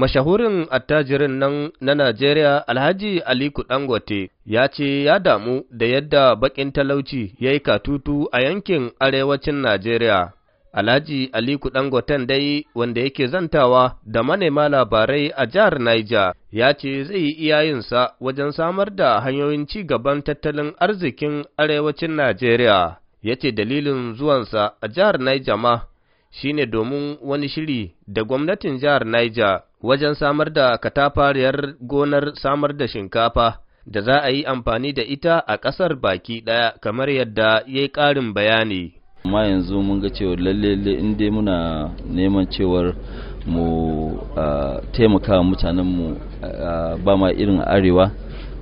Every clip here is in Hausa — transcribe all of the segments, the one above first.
Mashahurin attajirin nan na Najeriya Alhaji Aliku Dangote ya ce ya damu da yadda bakin talauci ya yi katutu a yankin arewacin Najeriya. Alhaji Aliku Dangoten dai wanda yake zantawa da manema labarai a jihar Niger ya ce zai yi iyayensa wajen samar da hanyoyin ci gaban tattalin arzikin arewacin Najeriya. Ya ce dalilin zuwansa a jihar Niger ma shine domin wani shiri da gwamnatin jihar Niger wajen samar da katafariyar gonar samar da shinkafa da za a yi amfani da ita a ƙasar baki ɗaya kamar yadda ya yi ƙarin bayani. amma yanzu mun ga cewa lalle in dai muna neman cewar mu taimaka mutanenmu ba ma irin arewa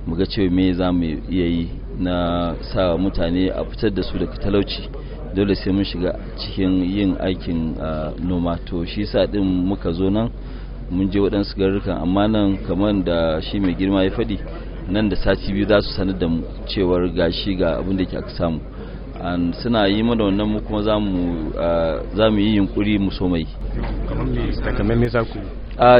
mu ga cewa me za mu iya yi na sa mutane a fitar da su daga talauci dole sai mun shiga cikin yin aikin noma to shi sa din muka zo nan mun je waɗansu garurukan amma nan kamar da shi mai girma ya faɗi nan da sati biyu za su sanar da mu cewar gashi ga abin da ke aka samu suna yi mana wannan mu kuma za mu yi yunkuri mu so mai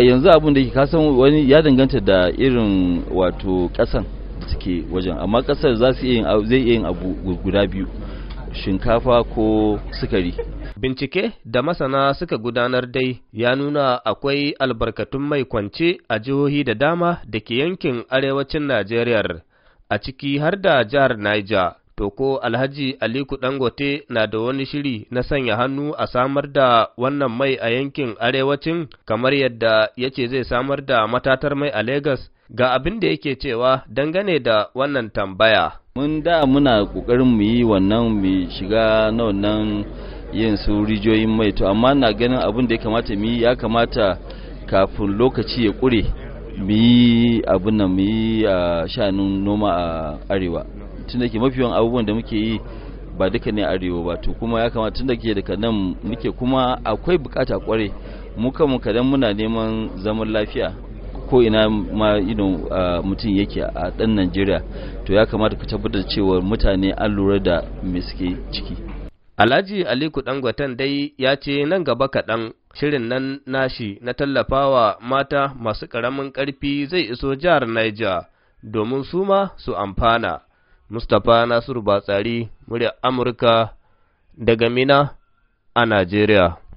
yanzu abin da ke kasan wani ya danganta da irin wato ƙasan suke wajen amma ƙasar zai su iya yin abu guda biyu shinkafa ko sukari. Bincike da masana suka gudanar dai ya nuna akwai albarkatun mai kwance a jihohi da dama da ke yankin arewacin Najeriya a ciki har da jihar Niger. To ko Alhaji Aliku Dangote na da wani shiri na sanya hannu a samar da wannan mai a yankin arewacin kamar yadda ya ce zai samar da matatar mai a Legas ga abin da yake cewa dangane da wannan tambaya. mun da muna kokarin mu yi wannan mu shiga na wannan yin su rijiyoyin mai to amma na ganin abin da ya kamata mu yi ya kamata kafin lokaci ya kure mu yi abin nan mu yi a shanun noma a arewa tunda ke mafi yawan abubuwan da muke yi ba duka ne arewa ba to kuma ya kamata tunda ke daga nan muke kuma akwai bukata kware mu kan kadan muna neman zaman lafiya ko ina ma mutum yake a ɗan Najeriya to ya kamata ka tabbatar cewa mutane an lura da me suke ciki. Alhaji Aliku dangwatan dai ya ce nan gaba kaɗan shirin nan nashi na tallafawa mata masu ƙaramin ƙarfi zai iso jihar Niger domin su ma su amfana. Mustapha Nasiru Batsari, murya Amurka daga Mina a Najeriya.